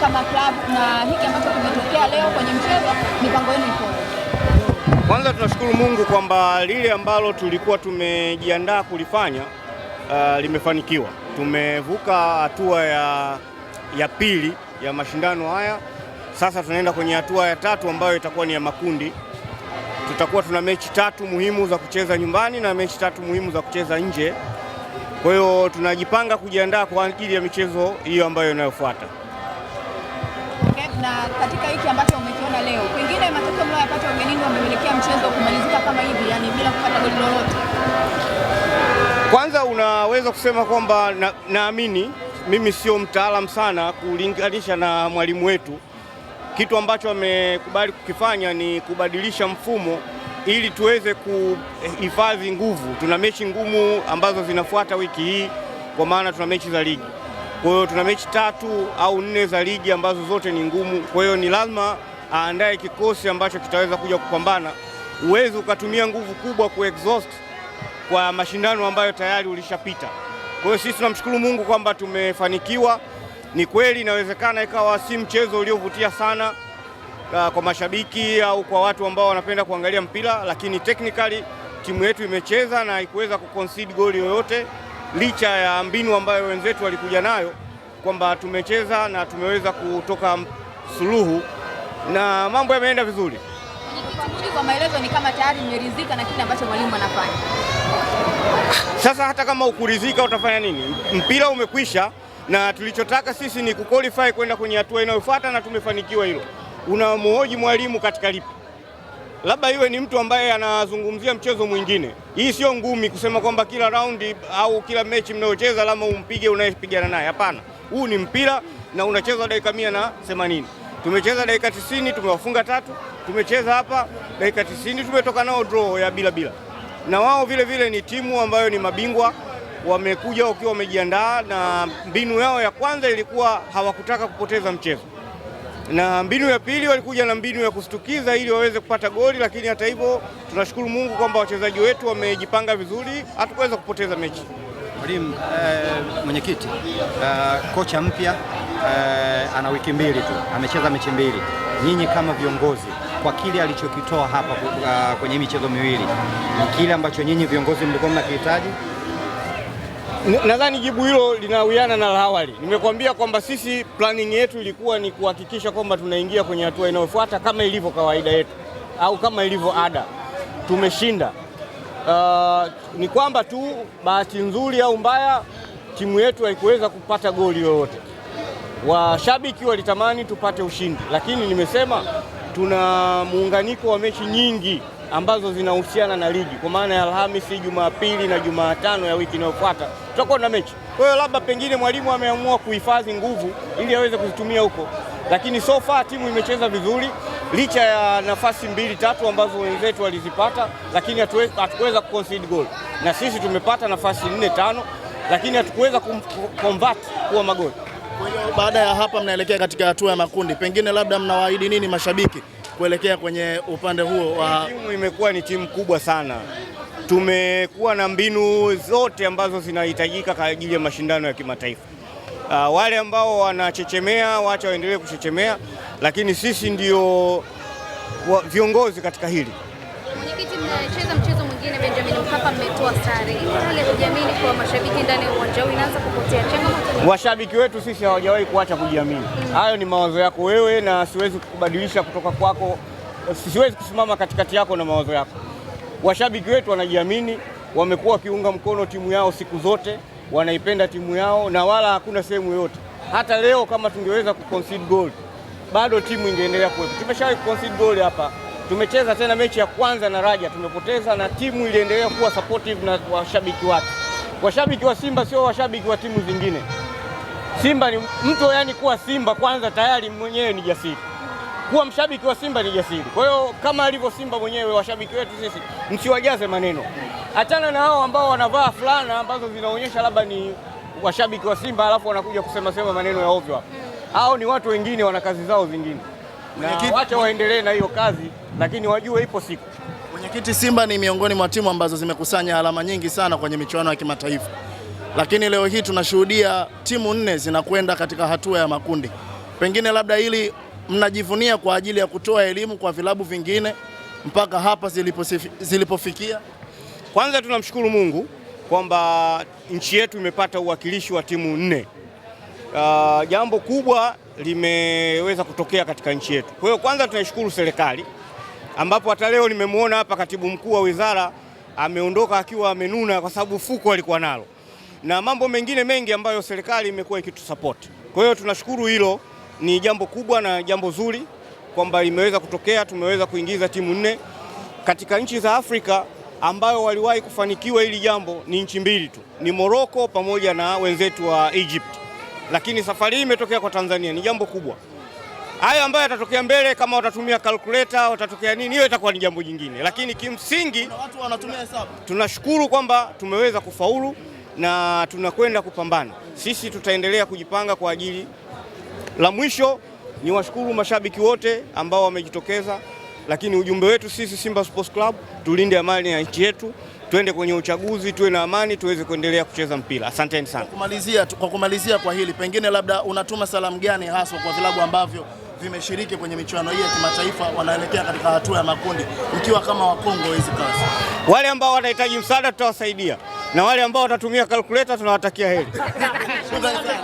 kama club na hiki ambacho kimetokea leo kwenye mchezo, mipango yenu ikoje? Kwanza tunashukuru Mungu kwamba lile ambalo tulikuwa tumejiandaa kulifanya uh, limefanikiwa. Tumevuka hatua ya, ya pili ya mashindano haya, sasa tunaenda kwenye hatua ya tatu ambayo itakuwa ni ya makundi. Tutakuwa tuna mechi tatu muhimu za kucheza nyumbani na mechi tatu muhimu za kucheza nje. Kwa hiyo tunajipanga kujiandaa kwa ajili ya michezo hiyo ambayo inayofuata na katika hiki ambacho umekiona leo, pengine matokeo mlioyapata ugenini wamepelekea mchezo kumalizika kama hivi, yani bila kupata goli lolote? Kwanza unaweza kusema kwamba naamini na mimi sio mtaalamu sana kulinganisha na mwalimu wetu. Kitu ambacho amekubali kukifanya ni kubadilisha mfumo ili tuweze kuhifadhi nguvu. Tuna mechi ngumu ambazo zinafuata wiki hii, kwa maana tuna mechi za ligi. Kwa hiyo tuna mechi tatu au nne za ligi ambazo zote ni ngumu, kwa hiyo ni lazima aandae kikosi ambacho kitaweza kuja kupambana. Uwezi ukatumia nguvu kubwa ku exhaust kwa mashindano ambayo tayari ulishapita. Kwa hiyo sisi tunamshukuru Mungu kwamba tumefanikiwa. Ni kweli inawezekana ikawa si mchezo uliovutia sana ah, kwa mashabiki au kwa watu ambao wanapenda kuangalia mpira, lakini technically timu yetu imecheza na haikuweza kuconcede goli yoyote licha ya mbinu ambayo wenzetu walikuja nayo kwamba tumecheza na tumeweza kutoka suluhu na mambo yameenda vizuri. Kwa maelezo ni kama tayari mmeridhika na kile ambacho mwalimu anafanya. Sasa hata kama ukuridhika utafanya nini? Mpira umekwisha, na tulichotaka sisi ni kuqualify kwenda kwenye hatua inayofuata na tumefanikiwa hilo. Unamhoji mwalimu katika lipi? labda iwe ni mtu ambaye anazungumzia mchezo mwingine. Hii sio ngumi kusema kwamba kila raundi au kila mechi mnayocheza lama umpige unayepigana naye, hapana. Huu ni mpira na unacheza dakika mia na themanini. Tumecheza dakika tisini tumewafunga tatu, tumecheza hapa dakika tisini tumetoka nao draw ya bila bila, na wao vile vile ni timu ambayo ni mabingwa wamekuja wakiwa wamejiandaa, na mbinu yao ya kwanza ilikuwa hawakutaka kupoteza mchezo na mbinu ya pili walikuja na mbinu ya kushtukiza ili waweze kupata goli, lakini hata hivyo tunashukuru Mungu kwamba wachezaji wetu wamejipanga vizuri, hatukuweza kupoteza mechi. Mwalimu eh, mwenyekiti eh, kocha mpya eh, ana wiki mbili tu amecheza mechi mbili. Nyinyi kama viongozi kwa kile alichokitoa hapa uh, kwenye michezo miwili ni kile ambacho nyinyi viongozi mlikuwa mnakihitaji? Nadhani jibu hilo linawiana na la awali. Nimekuambia kwamba sisi planning yetu ilikuwa ni kuhakikisha kwamba tunaingia kwenye hatua inayofuata kama ilivyo kawaida yetu au kama ilivyo ada. Tumeshinda. Uh, ni kwamba tu bahati nzuri au mbaya timu yetu haikuweza kupata goli lolote. Washabiki walitamani tupate ushindi, lakini nimesema tuna muunganiko wa mechi nyingi ambazo zinahusiana na ligi, kwa maana ya Alhamisi, Jumapili na Jumatano ya wiki inayofuata tutakuwa na mechi. Kwa hiyo labda pengine mwalimu ameamua kuhifadhi nguvu ili aweze kuzitumia huko, lakini so far timu imecheza vizuri licha ya nafasi mbili tatu ambazo wenzetu walizipata, lakini hatukuweza kuconcede goal, na sisi tumepata nafasi nne tano, lakini hatukuweza kumconvert kuwa magoli. Kwa hiyo baada ya hapa mnaelekea katika hatua ya makundi, pengine labda mnawaahidi nini mashabiki kuelekea kwenye upande huo wa... timu imekuwa ni timu kubwa sana, tumekuwa na mbinu zote ambazo zinahitajika kwa ajili ya mashindano ya kimataifa. Uh, wale ambao wanachechemea wacha waendelee kuchechemea, lakini sisi ndio viongozi katika hili. Mwenyekiti, mnacheza mchezo nyingine Benjamin Mkapa mmetoa sare, hali ya kujiamini kwa mashabiki ndani ya uwanja huu inaanza kupotea. Changamoto washabiki wetu sisi hawajawahi kuacha kujiamini. Mm. Hayo mm. ni mawazo yako wewe, na siwezi kubadilisha kutoka kwako, siwezi kusimama katikati yako na mawazo yako. Washabiki wetu wanajiamini, wamekuwa wakiunga mkono timu yao siku zote, wanaipenda timu yao na wala hakuna sehemu yoyote. Hata leo kama tungeweza kuconcede goal bado timu ingeendelea kuwepo. Tumeshawahi kuconcede goal hapa Tumecheza tena mechi ya kwanza na Raja tumepoteza, na timu iliendelea kuwa supportive na washabiki wake. Washabiki wa Simba sio washabiki wa timu zingine. Simba ni mtu, yani kuwa Simba kwanza tayari mwenyewe ni jasiri, kuwa mshabiki wa Simba ni jasiri. Kwa hiyo kama alivyo Simba mwenyewe, washabiki wetu sisi msiwajaze maneno, achana na hao ambao wanavaa fulana ambazo zinaonyesha labda ni washabiki wa Simba alafu wanakuja kusema sema maneno ya ovyo. Hao ni watu wengine, wana kazi zao zingine. Mwenyekiti, wacha waendelee na hiyo kazi, lakini wajue ipo siku. Mwenyekiti, Simba ni miongoni mwa timu ambazo zimekusanya alama nyingi sana kwenye michuano ya kimataifa, lakini leo hii tunashuhudia timu nne zinakwenda katika hatua ya makundi. Pengine labda hili mnajivunia kwa ajili ya kutoa elimu kwa vilabu vingine mpaka hapa zilipofikia. Kwanza tunamshukuru Mungu kwamba nchi yetu imepata uwakilishi wa timu nne Ah, jambo kubwa limeweza kutokea katika nchi yetu. Kwa hiyo kwanza tunaishukuru serikali ambapo hata leo nimemwona hapa katibu mkuu wa wizara ameondoka akiwa amenuna kwa sababu fuko alikuwa nalo na mambo mengine mengi ambayo serikali imekuwa ikitusupport. Kwa hiyo tunashukuru, hilo ni jambo kubwa na jambo zuri kwamba limeweza kutokea. Tumeweza kuingiza timu nne katika nchi za Afrika ambayo waliwahi kufanikiwa hili jambo ni nchi mbili tu, ni Moroko pamoja na wenzetu wa Egypt lakini safari hii imetokea kwa Tanzania, ni jambo kubwa. Hayo ambayo yatatokea mbele, kama watatumia kalkuleta, watatokea nini, hiyo itakuwa ni jambo jingine, lakini kimsingi watu wanatumia hesabu. Tunashukuru kwamba tumeweza kufaulu na tunakwenda kupambana. Sisi tutaendelea kujipanga kwa ajili. La mwisho ni washukuru mashabiki wote ambao wamejitokeza, lakini ujumbe wetu sisi Simba Sports Club, tulinde amani ya nchi yetu. Twende kwenye uchaguzi, tuwe na amani, tuweze kuendelea kucheza mpira. Asanteni sana. kumalizia, kwa kumalizia kwa hili pengine, labda unatuma salamu gani haswa kwa vilabu ambavyo vimeshiriki kwenye michuano hii ya kimataifa, wanaelekea katika hatua ya makundi, mkiwa kama Wakongo hizi kazi? Wale ambao wanahitaji msaada tutawasaidia, na wale ambao watatumia calculator tunawatakia heri.